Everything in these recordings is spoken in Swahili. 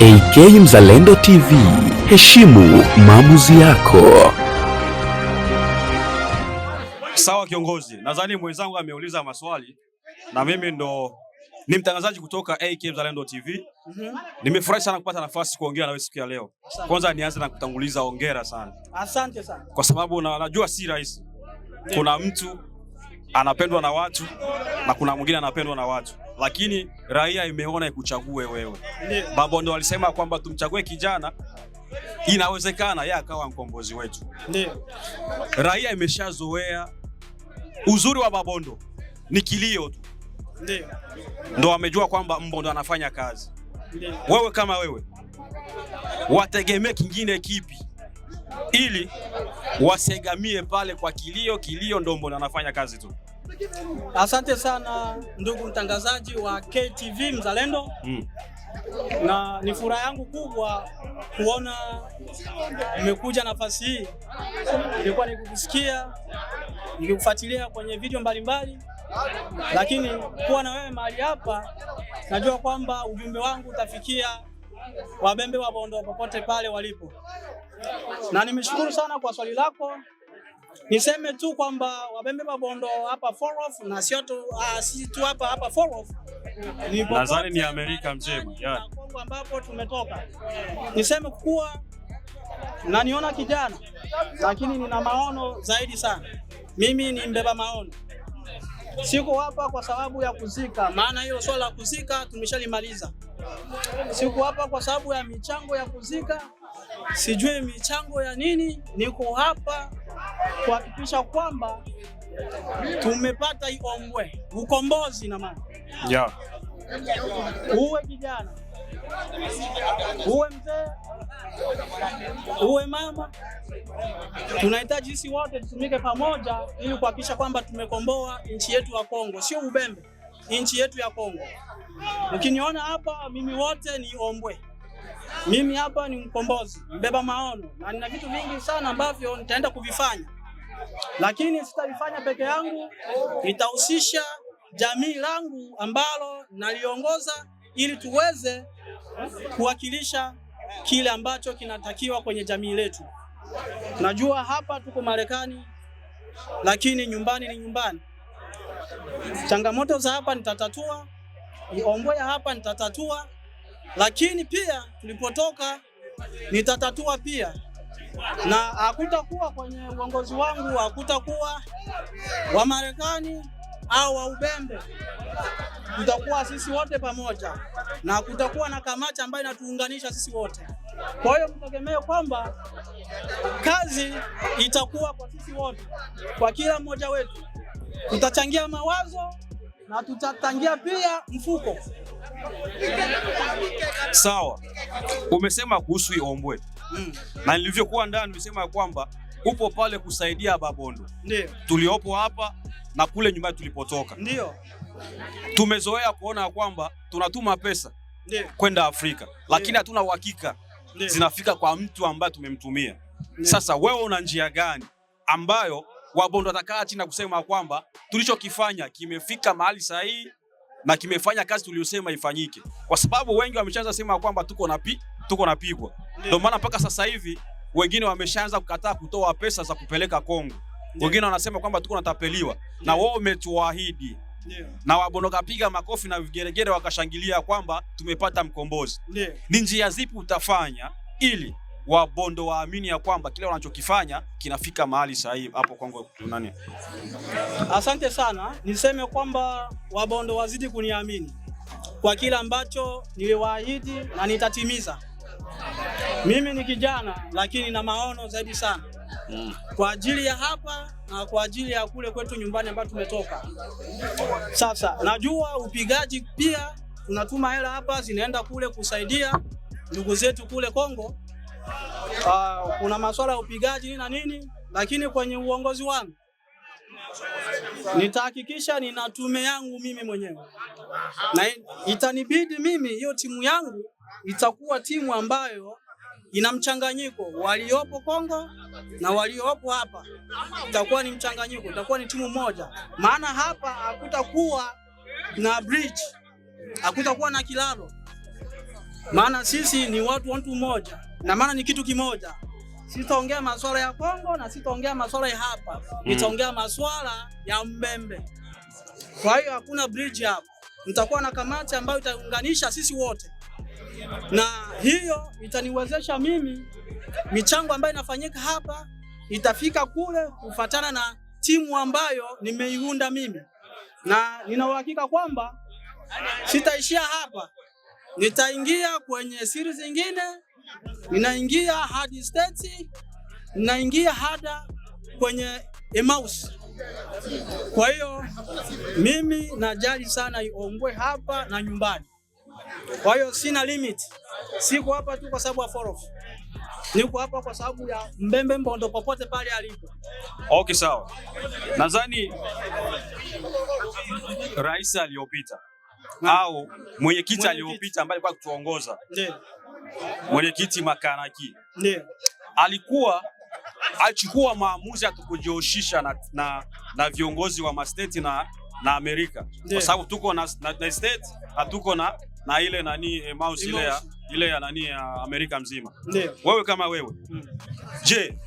AK Mzalendo TV, heshimu maamuzi yako. Sawa kiongozi, nadhani mwenzangu ameuliza maswali na mimi ndo ni mtangazaji kutoka AK Mzalendo TV. mm -hmm. Nimefurahi sana kupata nafasi kuongea nawe siku ya leo. Asante. Kwanza nianze na kutanguliza hongera sana. Asante sana. Kwa sababu na, najua si rahisi kuna mtu anapendwa na watu na kuna mwingine anapendwa na watu, lakini raia imeona ikuchague wewe. Babo ndo walisema kwamba tumchague kijana, inawezekana yeye akawa mkombozi wetu. Ndio raia imeshazoea uzuri wa Babondo ni kilio tu, ndo amejua kwamba Mbondo anafanya kazi. Wewe kama wewe wategemee kingine kipi? ili wasegamie pale kwa kilio. Kilio ndio mbona anafanya kazi tu. Asante sana ndugu mtangazaji wa KTV Mzalendo mm. Na ni furaha yangu kubwa kuona umekuja nafasi hii. Nilikuwa nikikusikia nikikufuatilia kwenye video mbalimbali, lakini kuwa na wewe mahali hapa, najua kwamba ujumbe wangu utafikia wabembe wa Bondo popote pale walipo na nimeshukuru sana kwa swali lako. Niseme tu kwamba Wabembe mabondo hapa Forof na sio tu ah, sisi tu hapa hapa Forof, nadhani ni Amerika mjema yeah, Kongo ambapo tumetoka. Niseme kuwa na niona kijana lakini nina maono zaidi sana. Mimi ni mbeba maono, siko hapa kwa sababu ya kuzika, maana hiyo swala la kuzika tumeshalimaliza. Siko hapa kwa sababu ya michango ya kuzika sijui michango ya nini. Niko hapa kuhakikisha kwamba tumepata Iombwe ukombozi na maana yeah. Uwe kijana uwe mzee uwe mama, tunahitaji sisi wote tutumike pamoja ili kuhakikisha kwamba tumekomboa nchi yetu ya Kongo, sio ubembe, nchi yetu ya Kongo. Ukiniona hapa mimi, wote ni Ombwe. Mimi hapa ni mkombozi, mbeba maono, na nina vitu vingi sana ambavyo nitaenda kuvifanya, lakini sitavifanya peke yangu, nitahusisha jamii langu ambalo naliongoza, ili tuweze kuwakilisha kile ambacho kinatakiwa kwenye jamii letu. Najua hapa tuko Marekani, lakini nyumbani ni nyumbani. Changamoto za hapa nitatatua, Ombwe ya hapa nitatatua lakini pia tulipotoka nitatatua pia, na hakutakuwa kwenye uongozi wangu, hakutakuwa wa Marekani au wa Ubembe, tutakuwa sisi wote pamoja, na kutakuwa na kamati ambayo inatuunganisha sisi wote. Kwa hiyo mtegemee kwamba kazi itakuwa kwa sisi wote, kwa kila mmoja wetu tutachangia mawazo na tutachangia pia mfuko. Sawa, umesema kuhusu hii ombwe mm. na nilivyokuwa ndani nimesema ya kwamba upo pale kusaidia Babondo tuliopo hapa na kule nyumbani tulipotoka. Ndio. Tumezoea kuona kwamba tunatuma pesa kwenda Afrika lakini hatuna uhakika zinafika kwa mtu ambaye tumemtumia. Sasa wewe una njia gani ambayo Wabondo watakaa chini na kusema kwamba tulichokifanya kimefika mahali sahihi na kimefanya kazi tuliyosema ifanyike, kwa sababu wengi wameshaanza sema kwamba tuko na pi, tuko na pigwa. Ndio maana mpaka sasa hivi wengine wameshaanza kukataa kutoa pesa za kupeleka Kongo, wengine wanasema kwamba tuko natapeliwa na wao umetuahidi Na wabonoka piga makofi na vigeregere wakashangilia kwamba tumepata mkombozi. Ni njia zipi utafanya ili wabondo waamini ya kwamba kile wanachokifanya kinafika mahali sahihi hapo kwangu nani. Asante sana, niseme kwamba wabondo wazidi kuniamini kwa kile ambacho niliwaahidi na nitatimiza. Mimi ni kijana lakini na maono zaidi sana mm. kwa ajili ya hapa na kwa ajili ya kule kwetu nyumbani ambapo tumetoka. Sasa najua upigaji pia tunatuma hela hapa zinaenda kule kusaidia ndugu zetu kule Kongo uh, kuna masuala ya upigaji na nini, lakini kwenye uongozi wangu nitahakikisha nina tume yangu mimi mwenyewe, na itanibidi mimi, hiyo timu yangu itakuwa timu ambayo ina mchanganyiko waliopo Kongo na waliopo hapa, itakuwa ni mchanganyiko, itakuwa ni timu moja, maana hapa hakutakuwa na bridge, hakutakuwa na kilalo, maana sisi ni watu wa mtu mmoja na maana ni kitu kimoja. Sitaongea masuala ya Kongo na sitaongea masuala ya hapa, mm. nitaongea maswala masuala ya Mbembe. Kwa hiyo hakuna bridge hapa, nitakuwa na kamati ambayo itaunganisha sisi wote, na hiyo itaniwezesha mimi michango ambayo inafanyika hapa itafika kule kufatana na timu ambayo nimeiunda mimi, na nina uhakika kwamba sitaishia hapa, nitaingia kwenye siri zingine ninaingia hadi state, ninaingia hada kwenye Emmaus. Kwa hiyo mimi najali sana Iongwe hapa na nyumbani. Kwa hiyo sina limit, siko hapa tu kwa sababu ya forof, niko hapa kwa sababu ya mbembe mbondo, popote pale alipo. Okay, sawa. Nadhani rais aliyopita au mwenyekiti aliyopita ambaye alikuwa kutuongoza mwenyekiti Makaraki yeah. alikuwa achukua maamuzi atukujihusisha na, na, na viongozi wa masteti na, na Amerika yeah. kwa sababu tuko na, na, na state hatuko na, na ile nani eh, mouse ile ya ile ya nani ya Amerika mzima yeah. wewe kama wewe mm. je,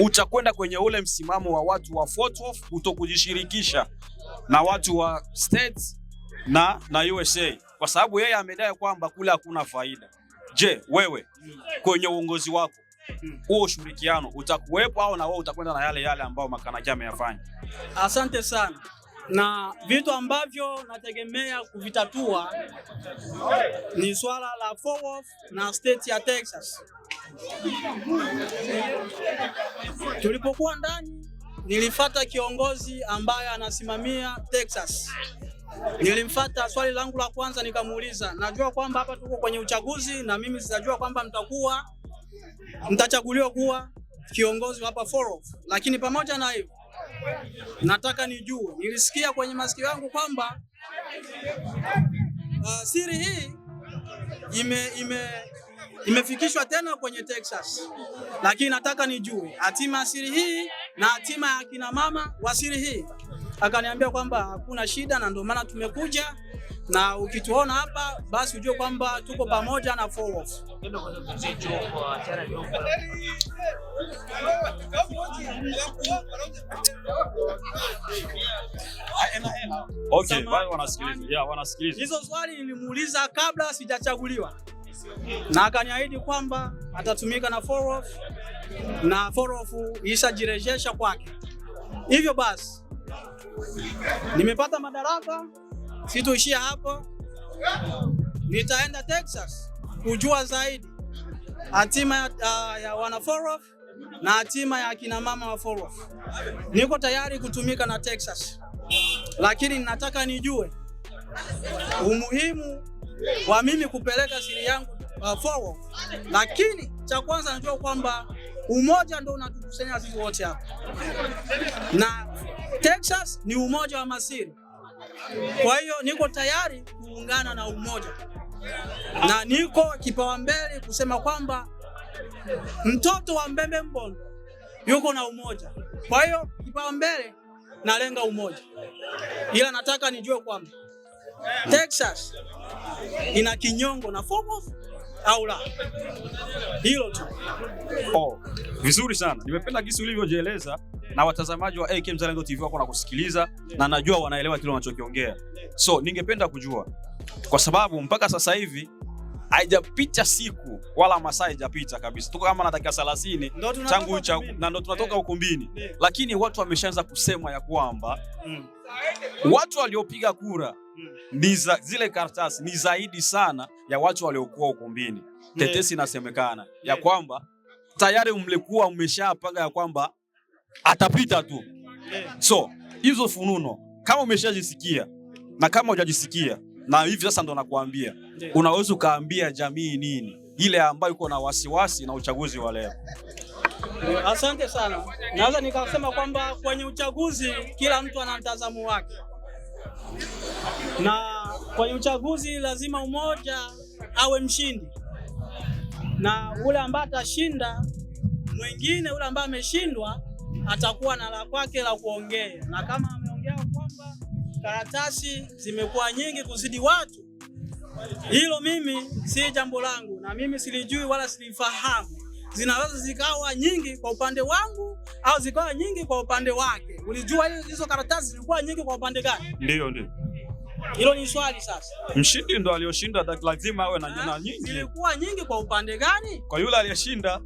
utakwenda kwenye ule msimamo wa watu wa Fort Worth na watu wa state na, na USA kwa sababu yeye amedai kwamba kule hakuna faida Je, wewe kwenye uongozi wako huo ushirikiano utakuwepo au na wewe utakwenda na yale yale ambayo makanaki ameyafanya? Asante sana, na vitu ambavyo nategemea kuvitatua ni swala la Fort Worth na state ya Texas. Tulipokuwa ndani nilifata kiongozi ambaye anasimamia Texas Nilimfata, swali langu la kwanza nikamuuliza, najua kwamba hapa tuko kwenye uchaguzi na mimi sijajua kwamba mtakuwa mtachaguliwa kuwa kiongozi hapa Forof, lakini pamoja na hivyo nataka nijue, nilisikia kwenye masikio yangu kwamba uh, siri hii ime, ime imefikishwa tena kwenye Texas, lakini nataka nijue hatima ya siri hii na hatima ya kina mama wa siri hii akaniambia kwamba hakuna shida na ndio maana tumekuja, na ukituona hapa basi ujue kwamba tuko pamoja na Forward. Okay, wanasikiliza. Yeah, wanasikiliza. Hizo swali nilimuuliza kabla sijachaguliwa na akaniahidi kwamba atatumika na Forward na Forward ishajirejesha kwake. Hivyo basi nimepata madaraka, situishia hapa, nitaenda Texas kujua zaidi hatima uh, ya wana Fort na hatima ya akina mama wa Fort Niko tayari kutumika na Texas, lakini nataka nijue umuhimu wa mimi kupeleka siri yangu uh, Fort lakini cha kwanza najua kwamba Umoja ndo unatukusanya sisi wote hapa, na Texas ni umoja wa masiri. Kwa hiyo niko tayari kuungana na umoja na niko kipawa mbele kusema kwamba mtoto wa Mbembe Mbondo yuko na umoja. Kwa hiyo kipawa mbele nalenga umoja, ila nataka nijue kwamba Texas ina kinyongo na fomofu au la. Hilo tu. Oh, vizuri sana. Nimependa jinsi ulivyojieleza na watazamaji wa AK Mzalendo TV wako kusikiliza na najua wanaelewa kile unachokiongea. So, ningependa kujua kwa sababu mpaka sasa hivi haijapita siku wala masaa haijapita kabisa, tuko kama na dakika 30 tangu cha na ndo tunatoka eh. ukumbini, eh. lakini watu wameshaanza kusema ya kwamba mm. watu waliopiga kura mm. ni za, zile karatasi ni zaidi sana ya watu waliokuwa ukumbini. Eh. Tetesi inasemekana ya kwamba tayari mlikuwa mmeshapanga ya kwamba atapita tu. So hizo fununo kama umeshajisikia na kama hujajisikia na hivi sasa ndo nakuambia, unaweza ukaambia jamii nini ile ambayo iko na wasiwasi na uchaguzi wa leo? Asante sana. Naweza nikasema kwamba kwenye uchaguzi kila mtu ana mtazamo wake, na kwenye uchaguzi lazima umoja awe mshindi, na ule ambaye atashinda mwingine, ule ambaye ameshindwa atakuwa na la kwake la kuongea, na kama ameongea karatasi zimekuwa nyingi kuzidi watu. Hilo mimi si jambo langu na mimi silijui wala silifahamu. Zinaweza zikawa nyingi kwa upande wangu au zikawa nyingi kwa upande wake. Ulijua hizo karatasi zilikuwa nyingi kwa upande gani? Ndio, ndio. Hilo ni swali sasa. Mshindi ndo aliyoshinda lazima awe na jina ah, nyingi. Zilikuwa nyingi kwa upande gani? Kwa yule aliyeshinda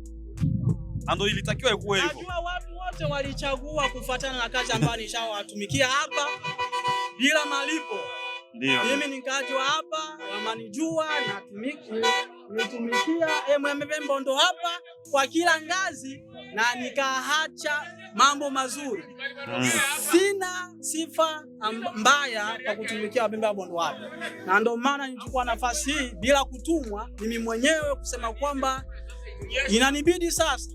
ndo ilitakiwa ikuwe hivyo. Najua watu wote walichagua kufuatana na kazi ambayo nishawatumikia hapa bila malipo. Ndio. Mimi nikaaji hapa wamanijua na nitumikia e, MMV Mbondo hapa kwa kila ngazi na nikaacha mambo mazuri mm. Sina sifa mbaya kwa kutumikia wabembe wa Mbondo hapa, na ndio maana nilichukua nafasi hii bila kutumwa mimi mwenyewe kusema kwamba inanibidi sasa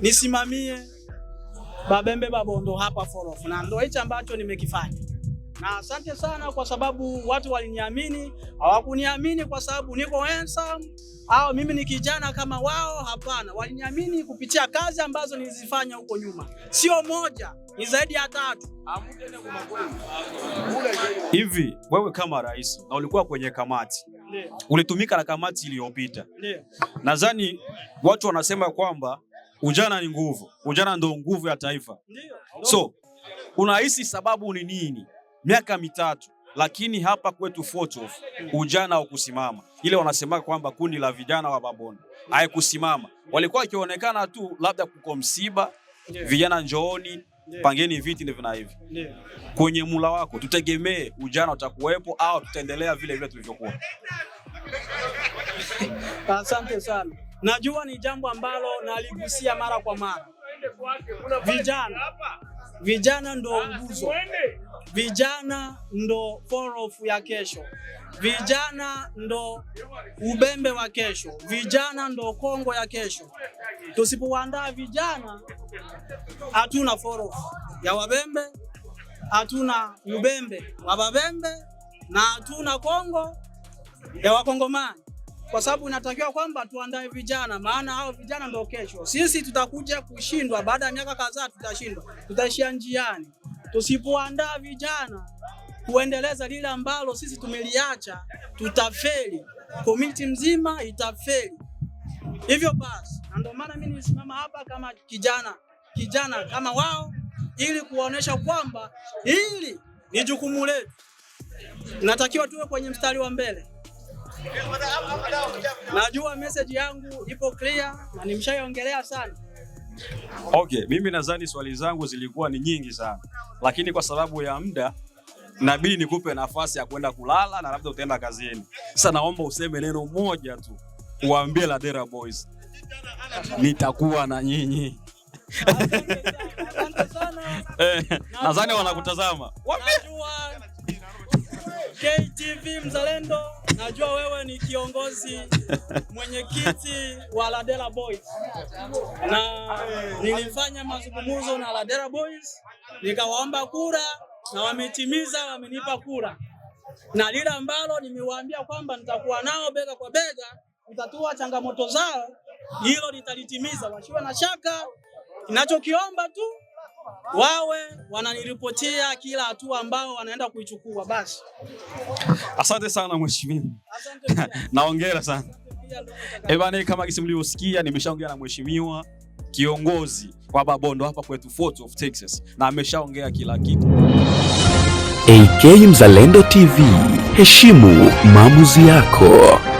nisimamie babembe babondo hapa forofu, na ndio hicho ambacho nimekifanya na asante sana kwa sababu watu waliniamini. Hawakuniamini kwa sababu niko handsome au mimi ni kijana kama wao, hapana. Waliniamini kupitia kazi ambazo nilizifanya huko nyuma, sio moja, ni zaidi ya tatu. Hivi wewe kama rais na ulikuwa kwenye kamati Le. ulitumika na kamati iliyopita, nadhani watu wanasema kwamba ujana ni nguvu, ujana ndio nguvu ya taifa. Ndiyo. So unahisi sababu ni nini miaka mitatu, lakini hapa kwetu Fort ujana wa kusimama ile wanasema kwamba kundi la vijana wa Baboni haikusimama, walikuwa wakionekana tu labda kuko msiba, vijana njooni pangeni viti ndivyo na hivi Kwenye mula wako tutegemee ujana utakuwepo au tutaendelea vile vile tulivyokuwa? Asante sana. Najua ni jambo ambalo naligusia mara kwa mara, vijana vijana ndo nguzo Vijana ndo forofu ya kesho, vijana ndo ubembe wa kesho, vijana ndo Kongo ya kesho. Tusipoandaa vijana, hatuna forofu ya wabembe, hatuna ubembe wa wabembe na hatuna Kongo ya wakongomani, kwa sababu inatakiwa kwamba tuandae vijana, maana hao vijana ndo kesho. Sisi tutakuja kushindwa baada ya miaka kadhaa, tutashindwa, tutaishia njiani. Tusipoandaa vijana kuendeleza lile ambalo sisi tumeliacha, tutafeli, komiti mzima itafeli. Hivyo basi, na ndio maana mimi nilisimama hapa kama kijana kijana kama wao, ili kuwaonyesha kwamba hili ni jukumu letu, natakiwa tuwe kwenye mstari wa mbele. Najua message yangu ipo clear na nimshaiongelea sana Okay, mimi nadhani swali zangu zilikuwa ni nyingi sana, lakini kwa sababu ya muda nabidi nikupe nafasi ya kwenda kulala na labda utaenda kazini. Sasa naomba useme neno moja tu, uambie Ladera Boys nitakuwa na nyinyi. Nadhani wanakutazama KTV Mzalendo najua wewe ni kiongozi mwenyekiti wa Ladera Boys, na nilifanya mazungumzo na Ladera Boys nikawaomba kura na wametimiza, wamenipa kura, na lile ambalo nimewaambia kwamba nitakuwa nao bega kwa bega, nitatua changamoto zao, hilo litalitimiza, wasiwe na shaka. Ninachokiomba tu wawe wananiripotia kila hatua ambao wanaenda kuichukua. Basi asante sana mheshimiwa, naongera sana ebani. Kama gisi mlivyosikia, nimeshaongea na mheshimiwa kiongozi wa Babondo hapa kwetu Fort of Texas, na ameshaongea kila kitu. AK Mzalendo TV, heshimu maamuzi yako.